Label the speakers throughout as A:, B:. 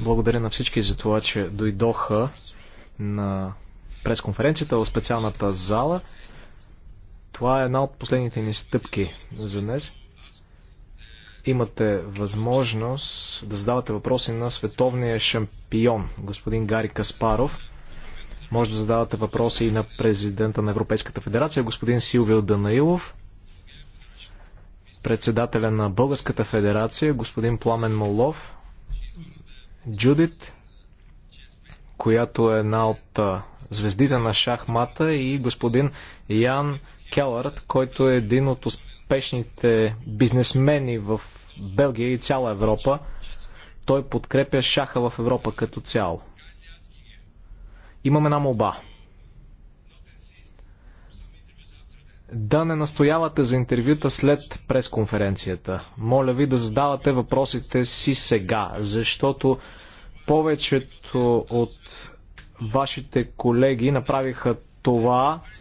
A: Благодаря на всички за това, че дойдоха на пресконференцията в специалната зала. Това е една от последните ни стъпки за днес. Имате възможност да задавате въпроси на световния шампион, господин Гари Каспаров. Може да задавате въпроси и на президента на Европейската федерация, господин Силвио Данаилов председателя на Българската федерация, господин Пламен Молов, Джудит, която е една от звездите на шахмата и господин Ян Келърт, който е един от успешните бизнесмени в Белгия и цяла Европа. Той подкрепя шаха в Европа като цяло. Имаме една молба. да не настоявате за интервюта след пресконференцията. Моля ви да задавате въпросите си сега, защото повечето от вашите колеги направиха това е,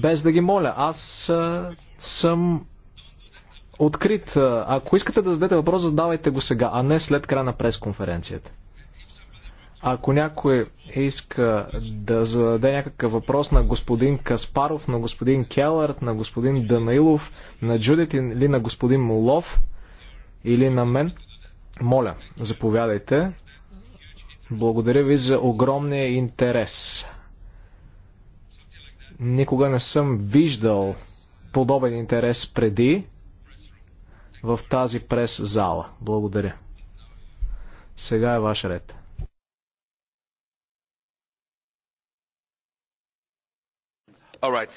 A: без да ги моля. Аз е, съм открит. Е, ако искате да зададете въпрос, задавайте го сега, а не след края на пресконференцията. Ако някой иска да зададе някакъв въпрос на господин Каспаров, на господин Келърт, на господин Данаилов, на Джудит или на господин Молов или на мен, моля, заповядайте. Благодаря ви за огромния интерес. Никога не съм виждал подобен интерес преди в тази прес зала. Благодаря. Сега е ваш ред. All right,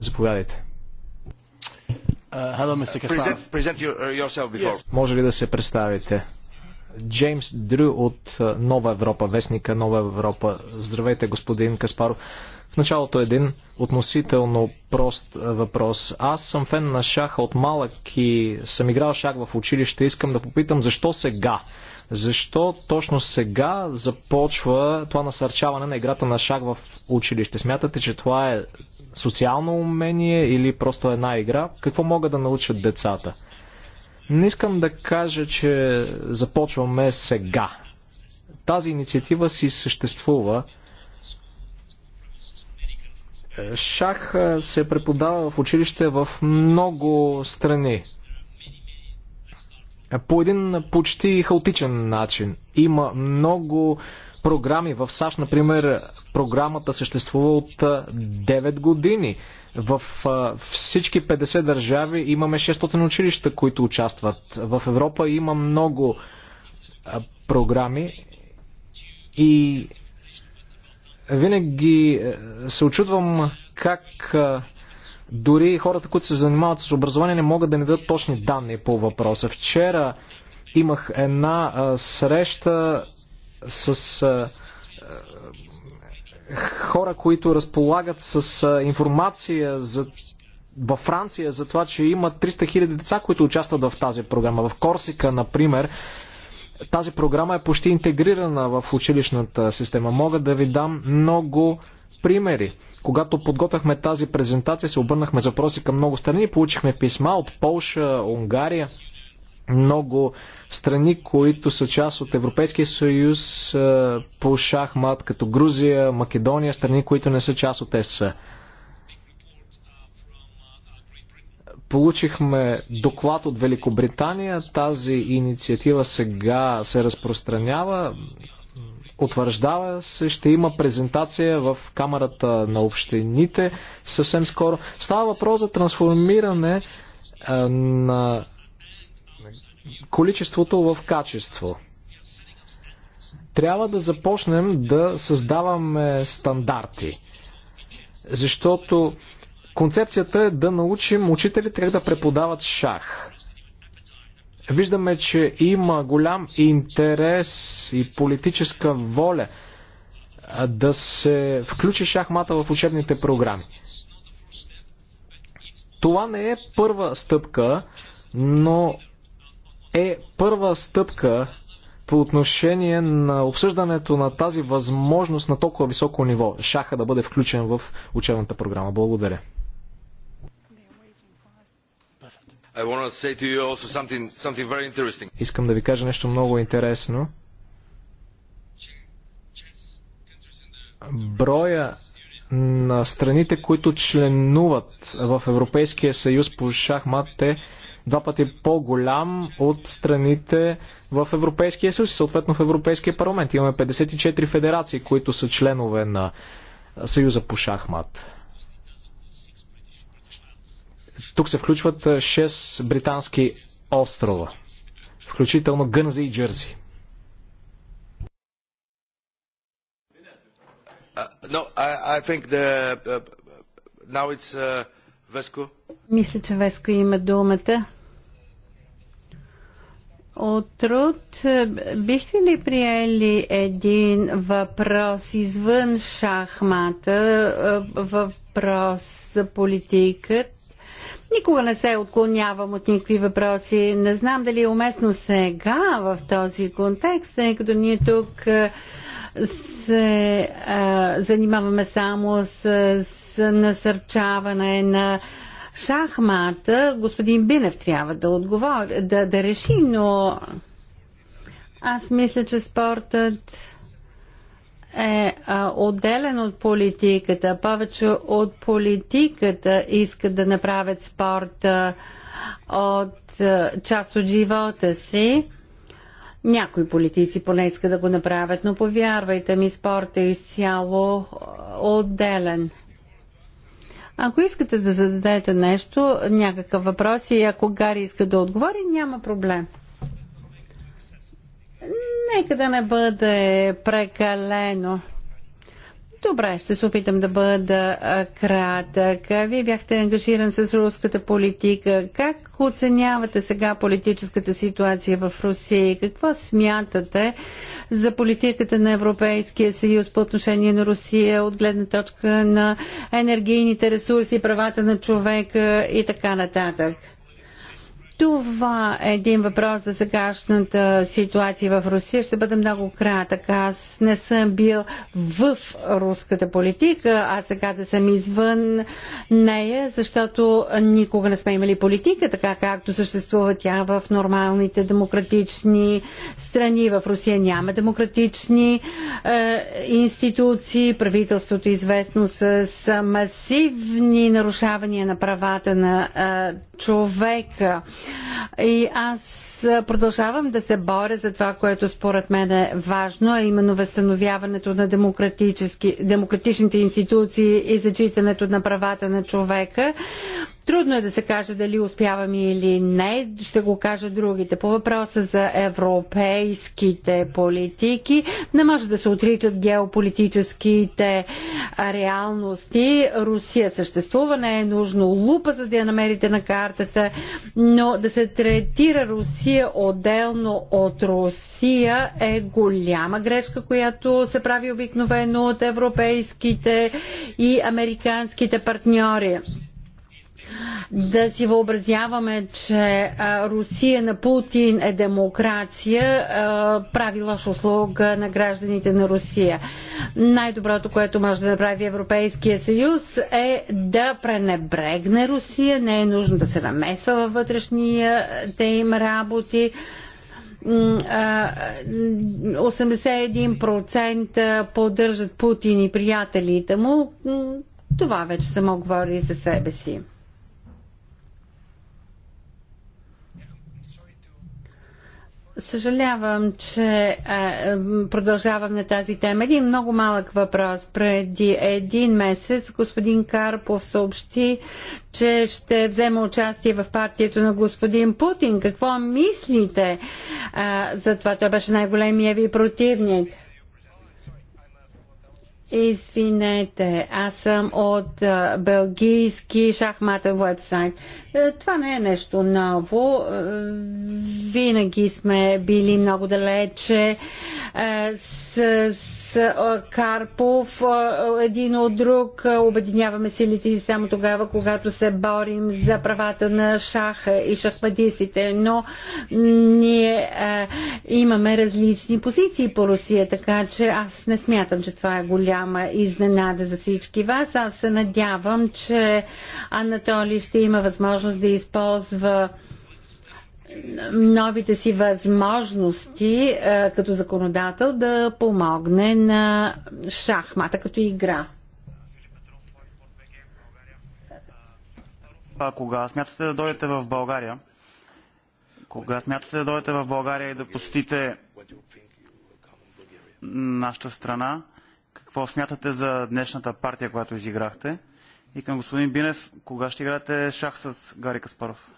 A: Заповядайте. Uh, present,
B: present uh, yes.
A: Може ли да се представите? Джеймс Дрю от uh, Нова Европа, вестника Нова Европа. Здравейте, господин Каспаров. В началото един относително прост въпрос. Аз съм фен на шаха от малък и съм играл шах в училище. Искам да попитам защо сега защо точно сега започва това насърчаване на играта на шах в училище? Смятате, че това е социално умение или просто една игра? Какво могат да научат децата? Не искам да кажа, че започваме сега. Тази инициатива си съществува. Шах се преподава в училище в много страни по един почти хаотичен начин. Има много програми. В САЩ, например, програмата съществува от 9 години. В всички 50 държави имаме 600 училища, които участват. В Европа има много програми и винаги се очудвам как дори хората, които се занимават с образование, не могат да ни дадат точни данни по въпроса. Вчера имах една а, среща с а, хора, които разполагат с а, информация за във Франция за това, че има 300 000 деца, които участват в тази програма. В Корсика, например, тази програма е почти интегрирана в училищната система. Мога да ви дам много примери. Когато подготвяхме тази презентация, се обърнахме запроси към много страни, получихме писма от Полша, Унгария, много страни, които са част от Европейския съюз по шахмат, като Грузия, Македония, страни, които не са част от ЕС. Получихме доклад от Великобритания. Тази инициатива сега се разпространява. Утвърждава се, ще има презентация в Камерата на общините съвсем скоро. Става въпрос за трансформиране е, на количеството в качество. Трябва да започнем да създаваме стандарти. Защото концепцията е да научим учителите как да преподават шах. Виждаме, че има голям интерес и политическа воля да се включи шахмата в учебните програми. Това не е първа стъпка, но е първа стъпка по отношение на обсъждането на тази възможност на толкова високо ниво, шаха да бъде включен в учебната програма. Благодаря. Искам да ви кажа нещо много интересно. Броя на страните, които членуват в Европейския съюз по шахмат е два пъти по-голям от страните в Европейския съюз и съответно в Европейския парламент. Имаме 54 федерации, които са членове на Съюза по шахмат. Тук се включват 6 британски острова, включително Гънзи и Джерси.
B: Uh, uh, uh,
C: Мисля, че Веско има думата. От е, бихте ли приели един въпрос извън шахмата, е, въпрос за политикът. Никога не се отклонявам от никакви въпроси. Не знам дали е уместно сега в този контекст, тъй като ние тук се а, занимаваме само с, с насърчаване на шахмата. Господин Бинев трябва да отговори, да, да реши, но аз мисля, че спортът е а, отделен от политиката. Повече от политиката искат да направят спорта от а, част от живота си. Някои политици поне искат да го направят, но повярвайте ми, спорта е изцяло отделен. Ако искате да зададете нещо, някакъв въпрос и ако Гари иска да отговори, няма проблем. Нека да не бъде прекалено. Добре, ще се опитам да бъда кратък. Вие бяхте ангажиран с руската политика. Как оценявате сега политическата ситуация в Русия? Какво смятате за политиката на Европейския съюз по отношение на Русия от гледна точка на енергийните ресурси, правата на човека и така нататък? Това е един въпрос за сегашната ситуация в Русия. Ще бъда много кратък. Аз не съм бил в руската политика, а сега да съм извън нея, защото никога не сме имали политика, така както съществува тя в нормалните демократични страни. В Русия няма демократични е, институции. Правителството е известно с, масивни нарушавания на правата на е, човека. И аз продължавам да се боря за това, което според мен е важно, а именно възстановяването на демократичните институции и зачитането на правата на човека. Трудно е да се каже дали успяваме или не, ще го кажа другите. По въпроса за европейските политики, не може да се отричат геополитическите реалности. Русия съществува, не е нужно лупа, за да я намерите на картата, но да се третира Русия отделно от Русия е голяма грешка, която се прави обикновено от европейските и американските партньори да си въобразяваме, че Русия на Путин е демокрация, прави лоша услуга на гражданите на Русия. Най-доброто, което може да направи Европейския съюз е да пренебрегне Русия, не е нужно да се намесва във вътрешния те им работи. 81% поддържат Путин и приятелите му. Това вече само говори за себе си. Съжалявам, че продължавам на тази тема. Един много малък въпрос. Преди един месец господин Карпов съобщи, че ще взема участие в партията на господин Путин. Какво мислите а, за това? Той беше най-големия ви противник. Извинете, аз съм от бългийски белгийски шахматен вебсайт. Е, това не е нещо ново. Е, винаги сме били много далече е, с Карпов един от друг. Обединяваме силите и само тогава, когато се борим за правата на шаха и шахматистите. Но ние имаме различни позиции по Русия, така че аз не смятам, че това е голяма изненада за всички вас. Аз се надявам, че Анатолий ще има възможност да използва новите си възможности е, като законодател да помогне на шахмата като игра.
D: А кога смятате да дойдете в България? Кога смятате да дойдете в България и да посетите нашата страна? Какво смятате за днешната партия, която изиграхте? И към господин Бинев, кога ще играте шах с Гари Каспаров?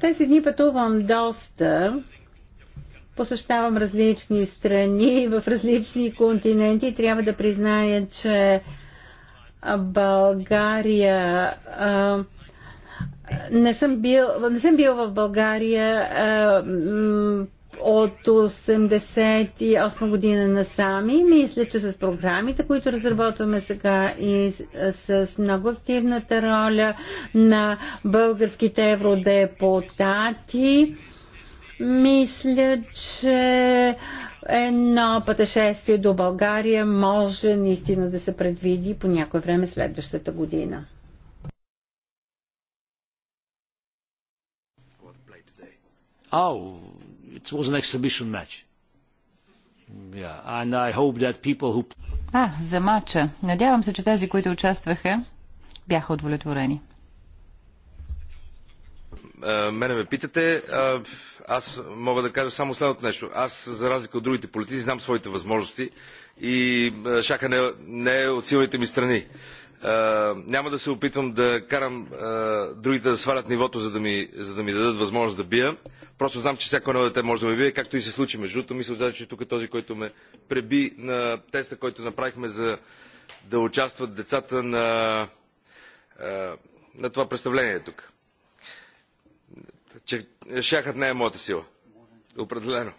C: Тези дни пътувам доста. Посещавам различни страни в различни континенти. Трябва да призная, че България. А, не съм бил, не съм бил в България а, от 88 година на сами, мисля, че с програмите, които разработваме сега и с много активната роля на българските евродепутати, мисля, че едно пътешествие до България може наистина да се предвиди по някое време следващата година.
A: Oh. It was an exhibition match. Yeah, and I hope that people who...
E: А, за матча. Надявам се, че тези, които участваха, бяха удовлетворени.
B: Е, мене ме питате, аз мога да кажа само следното нещо. Аз, за разлика от другите политици, знам своите възможности и е, шака не, не е от силните ми страни. Е, няма да се опитвам да карам другите да свалят нивото, за да ми, за да ми дадат възможност да бия Просто знам, че всяко едно дете може да ме бие, както и се случи между другото. Мисля, че тук е този, който ме преби на теста, който направихме за да участват децата на, е, на това представление тук. Че шахът не е моята сила. Определено.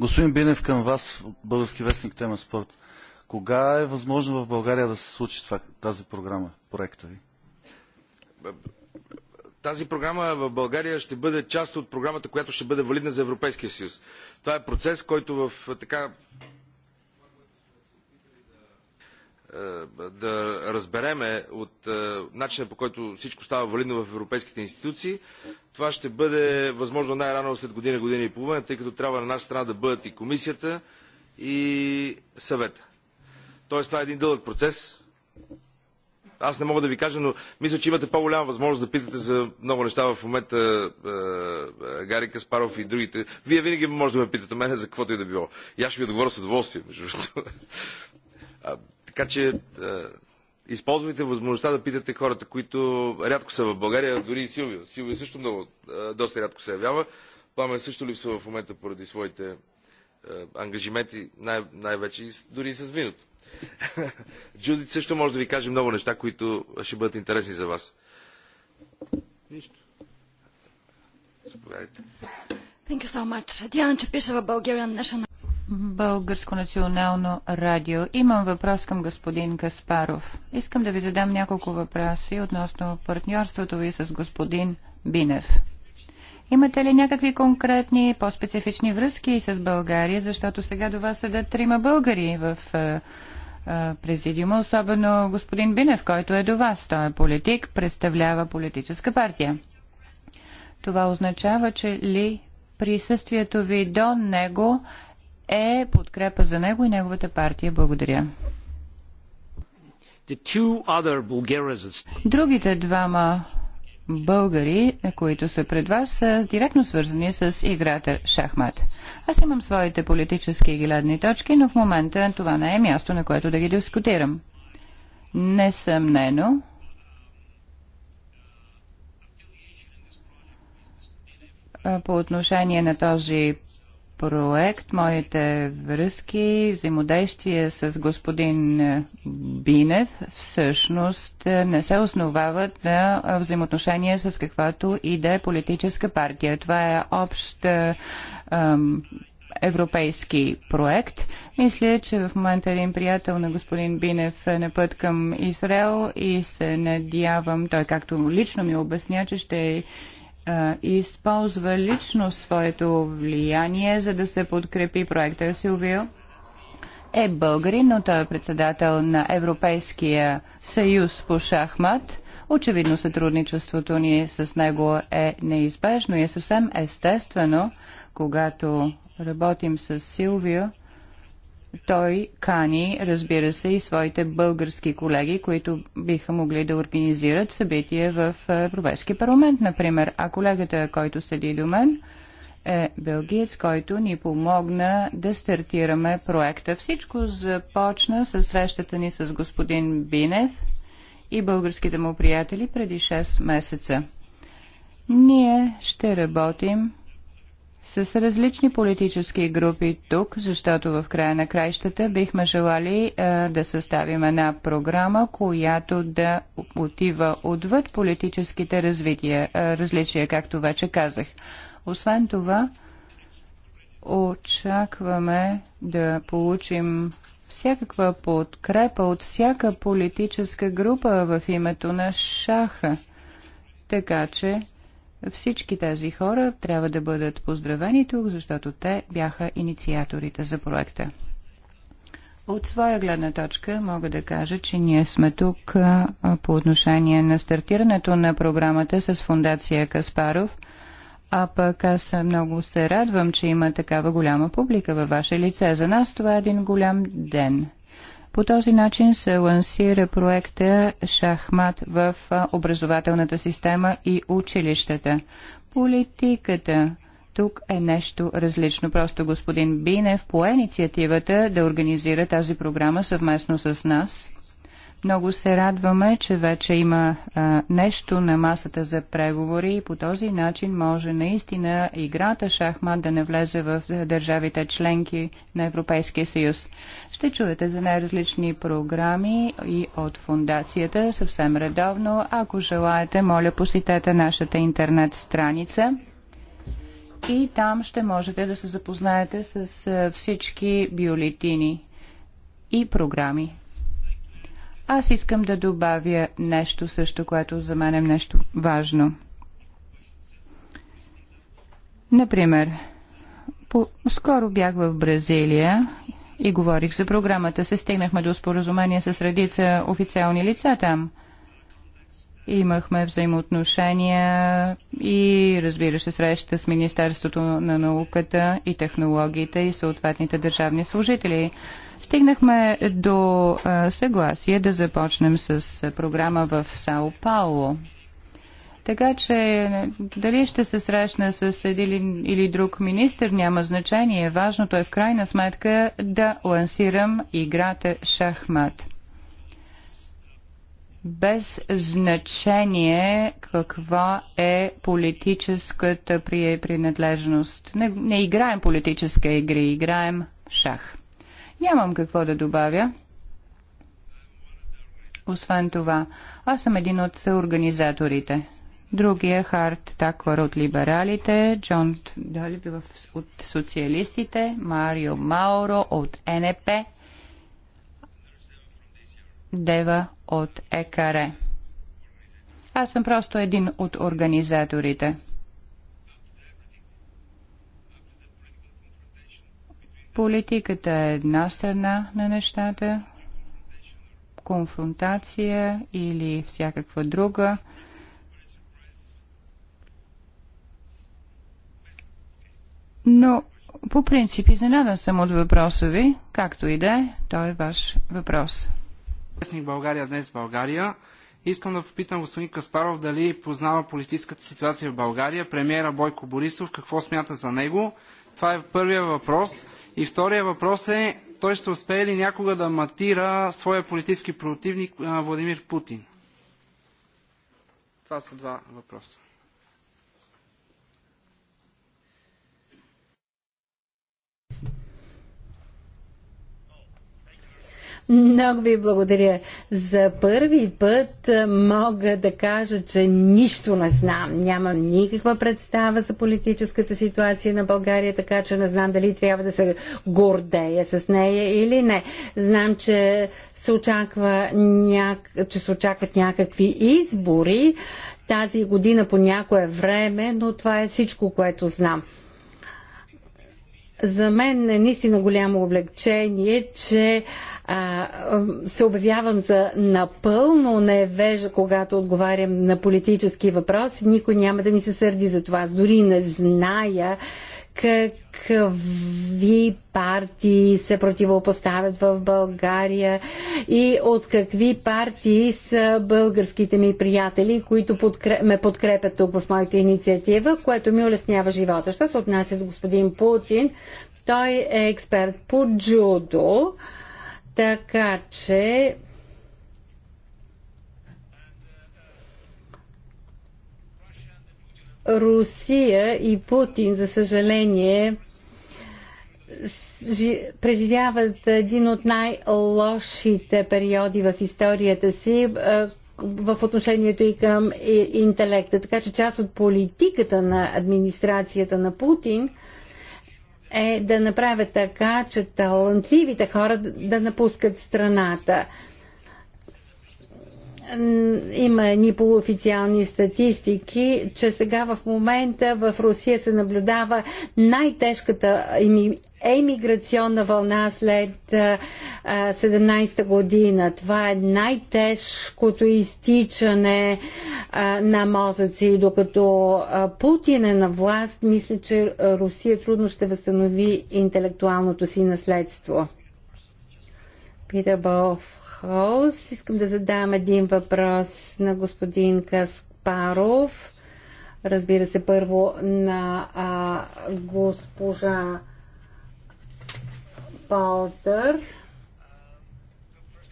B: Господин Бинев,
D: към вас Български вестник тема спорт. Кога е възможно в България да се случи това, тази програма, проекта ви?
B: тази програма в България ще бъде част от програмата, която ще бъде валидна за Европейския съюз. Това е процес, който в така да разбереме от начина по който всичко става валидно в европейските институции, това ще бъде възможно най-рано след година, година и половина, тъй като трябва на наша страна да бъдат и комисията, и съвета. Тоест това е един дълъг процес, аз не мога да ви кажа, но мисля, че имате по-голяма възможност да питате за много неща в момента е, е Гари Каспаров и другите. Вие винаги можете да ме питате мене за каквото и да било. И аз ще ви отговоря с удоволствие, между другото. Така че е, използвайте възможността да питате хората, които рядко са в България, дори и Силвия. Силвия също много, е, доста рядко се явява. Пламен също липсва в момента поради своите е, ангажименти, най- най-вече дори и с виното. Джудит също може да ви каже много неща, които ще бъдат интересни за вас. Нищо. Заповядайте.
E: Thank you so much. Диана Чепишева, Bulgarian National. Българско национално радио. Имам въпрос към господин Каспаров. Искам да ви задам няколко въпроси относно партньорството ви с господин Бинев. Имате ли някакви конкретни, по-специфични връзки с България, защото сега до вас седят трима българи в е, президиума, особено господин Бинев, който е до вас. Той е политик, представлява политическа партия. Това означава, че ли присъствието ви до него е подкрепа за него и неговата партия. Благодаря. Другите двама българи, които са пред вас, са директно свързани с играта шахмат. Аз имам своите политически гледни точки, но в момента това не е място, на което да ги дискутирам. Несъмнено, по отношение на този проект, моите връзки, взаимодействие с господин Бинев всъщност не се основават на взаимоотношение с каквато и да е политическа партия. Това е общ ам, европейски проект. Мисля, че в момента един приятел на господин Бинев е на път към Израел и се надявам, той както лично ми обясня, че ще използва лично своето влияние, за да се подкрепи проекта Силвио. Е българин, но той е председател на Европейския съюз по шахмат. Очевидно сътрудничеството ни с него е неизбежно и е съвсем естествено, когато работим с Силвио той кани, разбира се, и своите български колеги, които биха могли да организират събитие в е, Европейски парламент, например. А колегата, който седи до мен, е белгиец, който ни помогна да стартираме проекта. Всичко започна с срещата ни с господин Бинев и българските му приятели преди 6 месеца. Ние ще работим с различни политически групи тук, защото в края на краищата бихме желали е, да съставим една програма, която да отива отвъд политическите развития, е, различия, както вече казах. Освен това, очакваме да получим всякаква подкрепа от всяка политическа група в името на шаха. Така че всички тези хора трябва да бъдат поздравени тук, защото те бяха инициаторите за проекта. От своя гледна точка мога да кажа, че ние сме тук по отношение на стартирането на програмата с фундация Каспаров, а пък аз много се радвам, че има такава голяма публика във ваше лице. За нас това е един голям ден – по този начин се лансира проекта Шахмат в образователната система и училищата. Политиката тук е нещо различно. Просто господин Бинев по инициативата да организира тази програма съвместно с нас – много се радваме, че вече има а, нещо на масата за преговори и по този начин може наистина играта шахмат да не влезе в държавите членки на Европейския съюз. Ще чуете за най-различни програми и от фундацията съвсем редовно. Ако желаете, моля посетете нашата интернет страница и там ще можете да се запознаете с всички бюлетини и програми. Аз искам да добавя нещо също, което за мен е нещо важно. Например, по- скоро бях в Бразилия и говорих за програмата. Се стигнахме до споразумение с редица официални лица там – Имахме взаимоотношения и, разбира се, среща с Министерството на науката и технологиите и съответните държавни служители. Стигнахме до съгласие да започнем с програма в Сао Пауло. Така че дали ще се срещна с един или друг министр, няма значение. Важното е в крайна сметка да лансирам играта шахмат без значение каква е политическата принадлежност. Не, не играем политическа игра, играем шах. Нямам какво да добавя. Освен това, аз съм един от съорганизаторите. Другия Харт Таквар от либералите, Джон Далиби от социалистите, Марио Мауро от НП е – Дева от ЕКАРЕ. Аз съм просто един от организаторите. Политиката е една страна на нещата, конфронтация или всякаква друга. Но по принцип изненадан съм от въпроса ви, както и да е, той е ваш въпрос.
B: Вестник България днес България. Искам да попитам господин Каспаров дали познава политическата ситуация в България, премиера Бойко Борисов, какво смята за него. Това е първия въпрос. И втория въпрос е, той ще успее ли някога да матира своя политически противник Владимир Путин?
A: Това са два въпроса.
C: Много ви благодаря. За първи път мога да кажа, че нищо не знам. Нямам никаква представа за политическата ситуация на България, така че не знам дали трябва да се гордея с нея или не. Знам, че се, очаква няк... че се очакват някакви избори тази година по някое време, но това е всичко, което знам. За мен е наистина голямо облегчение, че а, се обявявам за напълно невежа, когато отговарям на политически въпроси. Никой няма да ми се сърди за това. Аз дори не зная какви партии се противопоставят в България и от какви партии са българските ми приятели, които подкреп... ме подкрепят тук в моята инициатива, което ми улеснява живота. Що се отнася до господин Путин, той е експерт по джудо, така че Русия и Путин, за съжаление, преживяват един от най-лошите периоди в историята си в отношението и към интелекта. Така че част от политиката на администрацията на Путин е да направят така, че талантливите хора да напускат страната има едни полуофициални статистики, че сега в момента в Русия се наблюдава най-тежката емиграционна вълна след 17-та година. Това е най-тежкото изтичане на мозъци. Докато Путин е на власт, мисля, че Русия трудно ще възстанови интелектуалното си наследство. Питър Балов. Холс. Искам да задам един въпрос на господин Каспаров. Разбира се, първо на а, госпожа Полтър.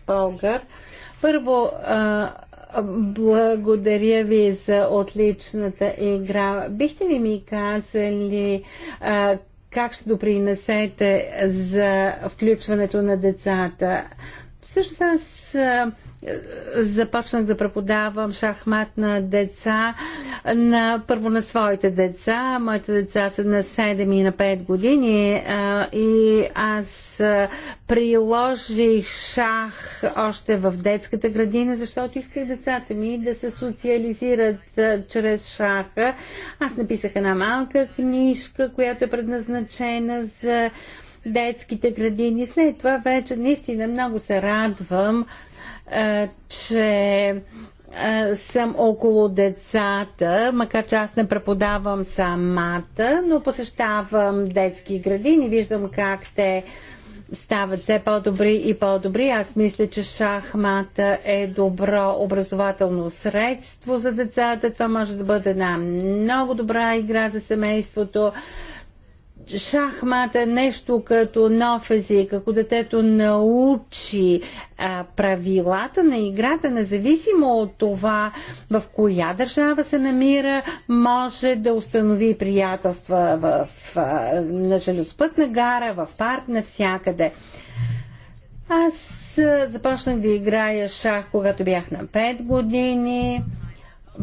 C: Полгър. Първо, а, благодаря ви за отличната игра. Бихте ли ми казали а, как ще допринесете за включването на децата? Всъщност аз започнах да преподавам шахмат на деца, на, първо на своите деца. Моите деца са на 7 и на 5 години а, и аз приложих шах още в детската градина, защото исках децата ми да се социализират а, чрез шаха. Аз написах една малка книжка, която е предназначена за детските градини. След това вече наистина много се радвам, че съм около децата, макар че аз не преподавам самата, но посещавам детски градини, виждам как те стават все по-добри и по-добри. Аз мисля, че шахмата е добро образователно средство за децата. Това може да бъде една много добра игра за семейството шахмат е нещо като нов език. Ако детето научи а, правилата на играта, независимо от това в коя държава се намира, може да установи приятелства в, а, на железопътна гара, в парк, навсякъде. Аз започнах да играя шах, когато бях на 5 години.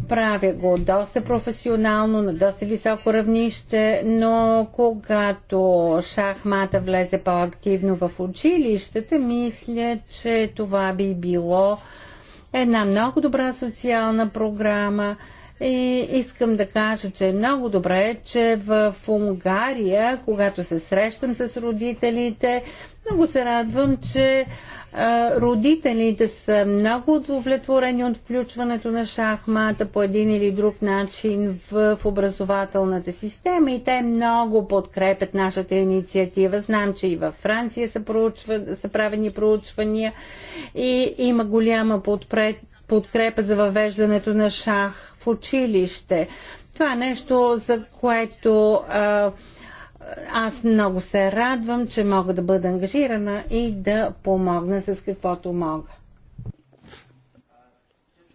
C: Правя го доста професионално, на доста високо равнище, но когато шахмата влезе по-активно в училищата, мисля, че това би било една много добра социална програма. И искам да кажа, че е много добре, че в Унгария, когато се срещам с родителите, много се радвам, че родителите са много удовлетворени от включването на шахмата по един или друг начин в образователната система и те много подкрепят нашата инициатива. Знам, че и във Франция са, проучва, са правени проучвания и има голяма подпред, подкрепа за въвеждането на шах в училище. Това е нещо, за което а, аз много се радвам, че мога да бъда ангажирана и да помогна с каквото мога.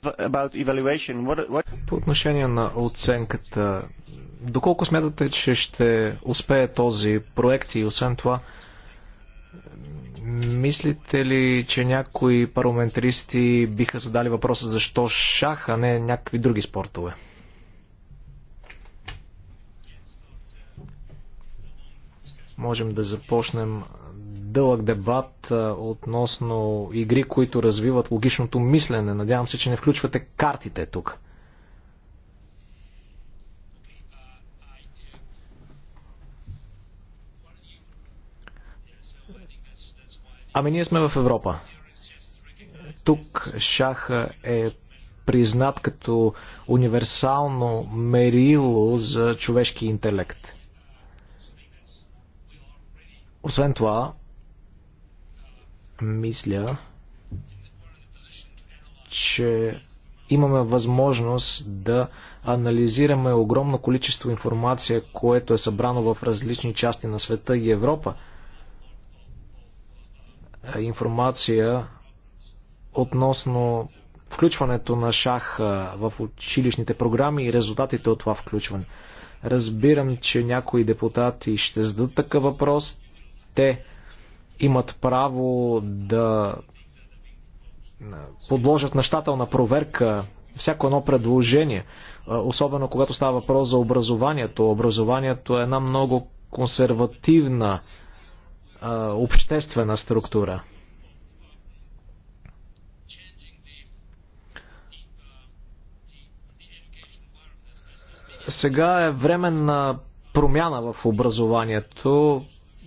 D: What, what...
A: По отношение на оценката, доколко смятате, че ще успее този проект и освен това, мислите ли, че някои парламентаристи биха задали въпроса защо шах, а не някакви други спортове? можем да започнем дълъг дебат относно игри, които развиват логичното мислене. Надявам се, че не включвате картите тук. Ами ние сме в Европа. Тук шах е признат като универсално мерило за човешки интелект. Освен това, мисля, че имаме възможност да анализираме огромно количество информация, което е събрано в различни части на света и Европа. Е, информация относно включването на шах е, в училищните програми и резултатите от това включване. Разбирам, че някои депутати ще зададат такъв въпрос те имат право да подложат нащателна проверка всяко едно предложение, особено когато става въпрос за образованието. Образованието е една много консервативна обществена структура. Сега е време на промяна в образованието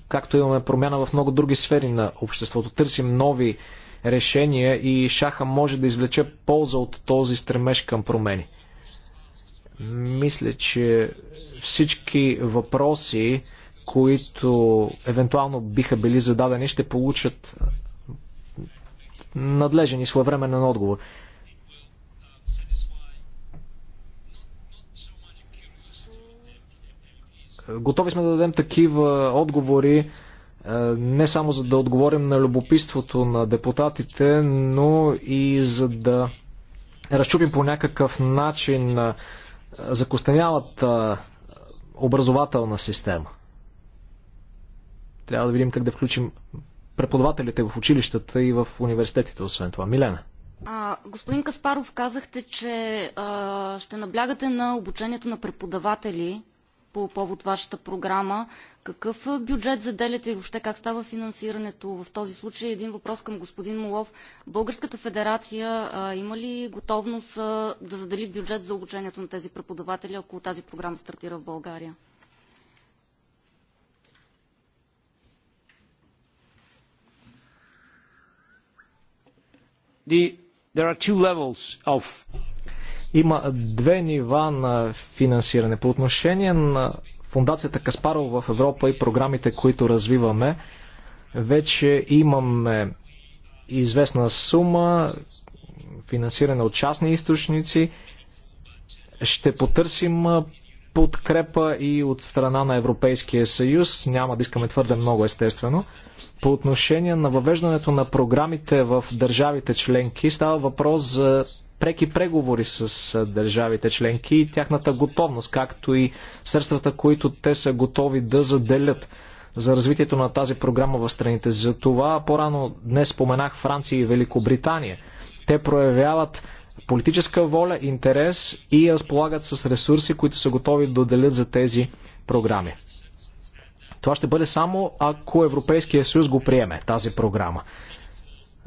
A: както имаме промяна в много други сфери на обществото. Търсим нови решения и шаха може да извлече полза от този стремеж към промени. Мисля, че всички въпроси, които евентуално биха били зададени, ще получат надлежен и своевременен отговор. Готови сме да дадем такива отговори, е, не само за да отговорим на любопитството на депутатите, но и за да разчупим по някакъв начин е, закостенялата е, образователна система. Трябва да видим как да включим преподавателите в училищата и в университетите, освен това. Милена.
E: А, господин Каспаров, казахте, че а, ще наблягате на обучението на преподаватели по повод вашата програма. Какъв бюджет заделяте и въобще как става финансирането в този случай? Един въпрос към господин Молов. Българската федерация а, има ли готовност а, да задели бюджет за обучението на тези преподаватели, ако тази програма стартира в България?
A: The, there are two levels of има две нива на финансиране. По отношение на Фундацията Каспаров в Европа и програмите, които развиваме, вече имаме известна сума, финансиране от частни източници. Ще потърсим подкрепа и от страна на Европейския съюз. Няма да искаме твърде много, естествено. По отношение на въвеждането на програмите в държавите членки, става въпрос за преки преговори с държавите членки и тяхната готовност, както и средствата, които те са готови да заделят за развитието на тази програма в страните. За това по-рано днес споменах Франция и Великобритания. Те проявяват политическа воля, интерес и разполагат с ресурси, които са готови да отделят за тези програми. Това ще бъде само ако Европейския съюз го приеме, тази програма.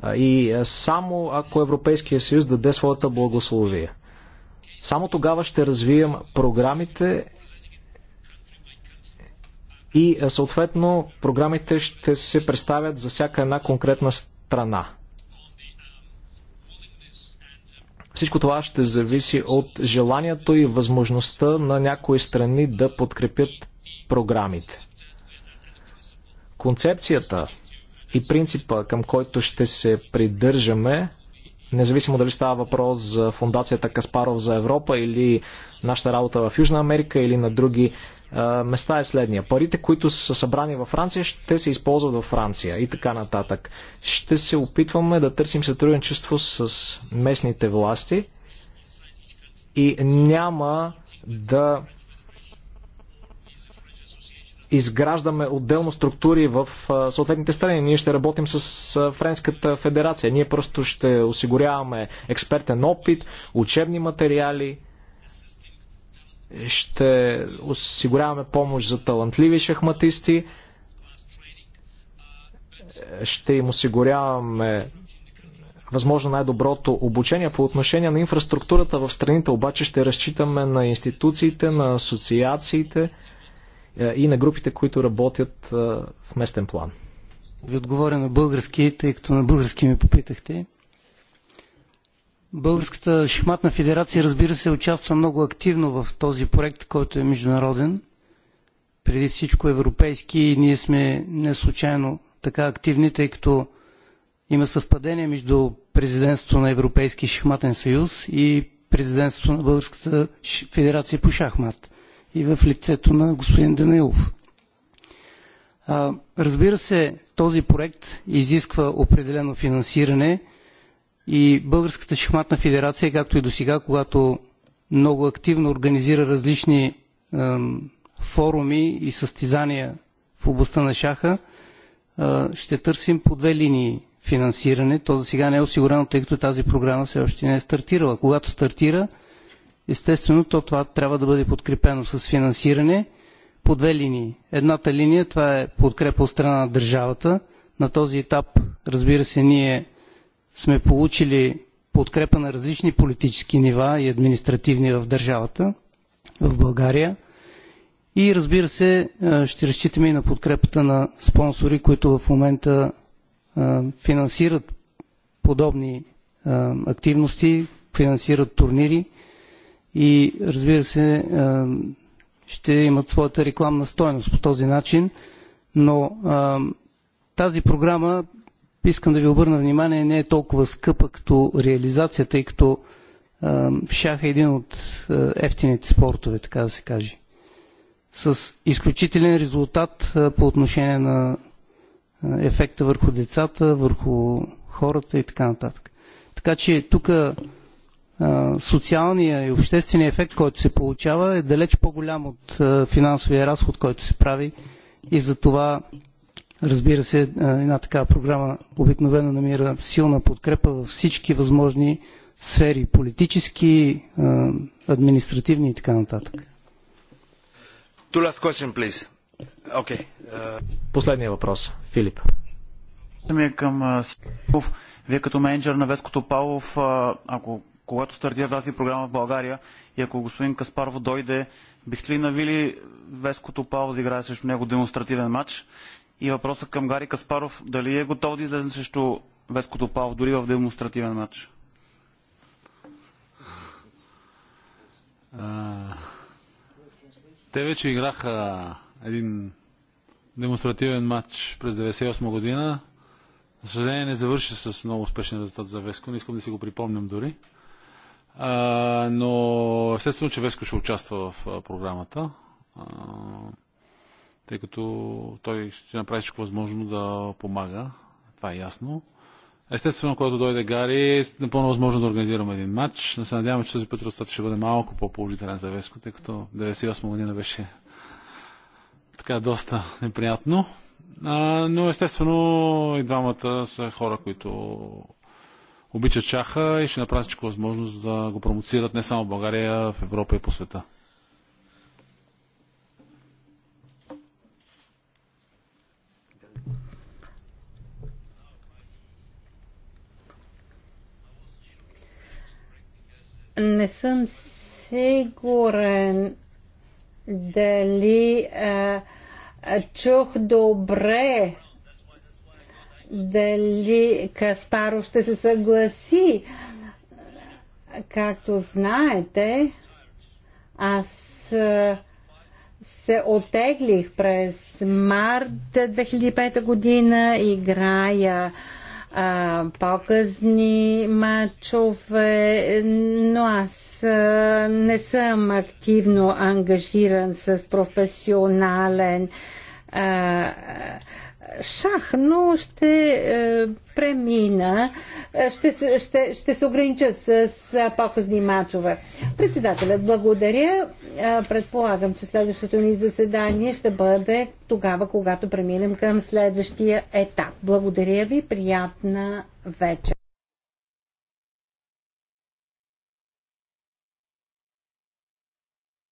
A: И само ако Европейския съюз даде своята благословие. Само тогава ще развием програмите и съответно програмите ще се представят за всяка една конкретна страна. Всичко това ще зависи от желанието и възможността на някои страни да подкрепят програмите. Концепцията и принципа, към който ще се придържаме, независимо дали става въпрос за фундацията Каспаров за Европа или нашата работа в Южна Америка или на други места е следния. Парите, които са събрани във Франция, ще се използват във Франция и така нататък. Ще се опитваме да търсим сътрудничество с местните власти и няма да изграждаме отделно структури в съответните страни. Ние ще работим с Френската федерация. Ние просто ще осигуряваме експертен опит, учебни материали, ще осигуряваме помощ за талантливи шахматисти, ще им осигуряваме възможно най-доброто обучение. По отношение на инфраструктурата в страните обаче ще разчитаме на институциите, на асоциациите – е, и на групите, които работят е, в местен план. Ви
D: отговоря на български, тъй като на български ми попитахте. Българската шахматна федерация, разбира се, участва много активно в този проект, който е международен. Преди всичко европейски и ние сме не случайно така активни, тъй като има съвпадение между президентството на Европейски шахматен съюз и президентството на Българската федерация по шахмат и в лицето на господин Данилов. Разбира се, този проект изисква определено финансиране и Българската шахматна федерация, както и до сега, когато много активно организира различни форуми и състезания в областта на шаха, ще търсим по две линии финансиране. То за сега не е осигурено, тъй като тази програма все още не е стартирала. Когато стартира, Естествено, то това трябва да бъде подкрепено с финансиране по две линии. Едната линия това е подкрепа от страна на държавата. На този етап, разбира се, ние сме получили подкрепа на различни политически нива и административни в държавата, в България. И разбира се, ще разчитаме и на подкрепата на спонсори, които в момента финансират подобни активности, финансират турнири – и разбира се ще имат своята рекламна стойност по този начин, но тази програма, искам да ви обърна внимание, не е толкова скъпа като реализацията, тъй като шах е един от ефтините спортове, така да се каже. С изключителен резултат по отношение на ефекта върху децата, върху хората и така нататък. Така че тук социалния и обществения ефект, който се получава, е далеч по-голям от финансовия разход, който се прави. И за това, разбира се, една такава програма обикновено намира силна подкрепа във всички възможни сфери политически, административни и така нататък.
A: Uh, Последния въпрос. Филип.
D: Ми е към Вие като менеджер на Веското Павлов, ако когато стартира тази програма в България и ако господин Каспаров дойде, бихте ли навили Веското Павло да играе срещу него демонстративен матч? И въпросът към Гари Каспаров, дали е готов да излезе срещу Веското Павло дори в демонстративен матч?
A: Те вече играха един демонстративен матч през 1998 година. За съжаление не завърши с много успешен резултат за Веско. Не искам да си го припомням дори
D: но естествено, че Веско ще участва в програмата, тъй като той ще направи всичко възможно да помага. Това е ясно. Естествено, когато дойде Гари, е напълно възможно да организираме един
A: матч. Но се надяваме, че този път резултатът ще бъде малко по-положителен за Веско, тъй като 98 година беше така доста неприятно. А, но естествено и двамата са хора, които обичат шаха и ще направят всичко възможно за да го промоцират не само в България, а в Европа и по света.
C: Не съм сигурен дали а, чух добре дали Каспаров ще се съгласи. Както знаете, аз се отеглих през март 2005 година, играя а, показни матчове, но аз а, не съм активно ангажиран с професионален а, шах, но ще е, премина, е, ще, ще, ще се огранича с, с показни мачове. Председателят, благодаря. Е, предполагам, че следващото ни заседание ще бъде тогава, когато преминем към следващия етап. Благодаря ви, приятна вечер.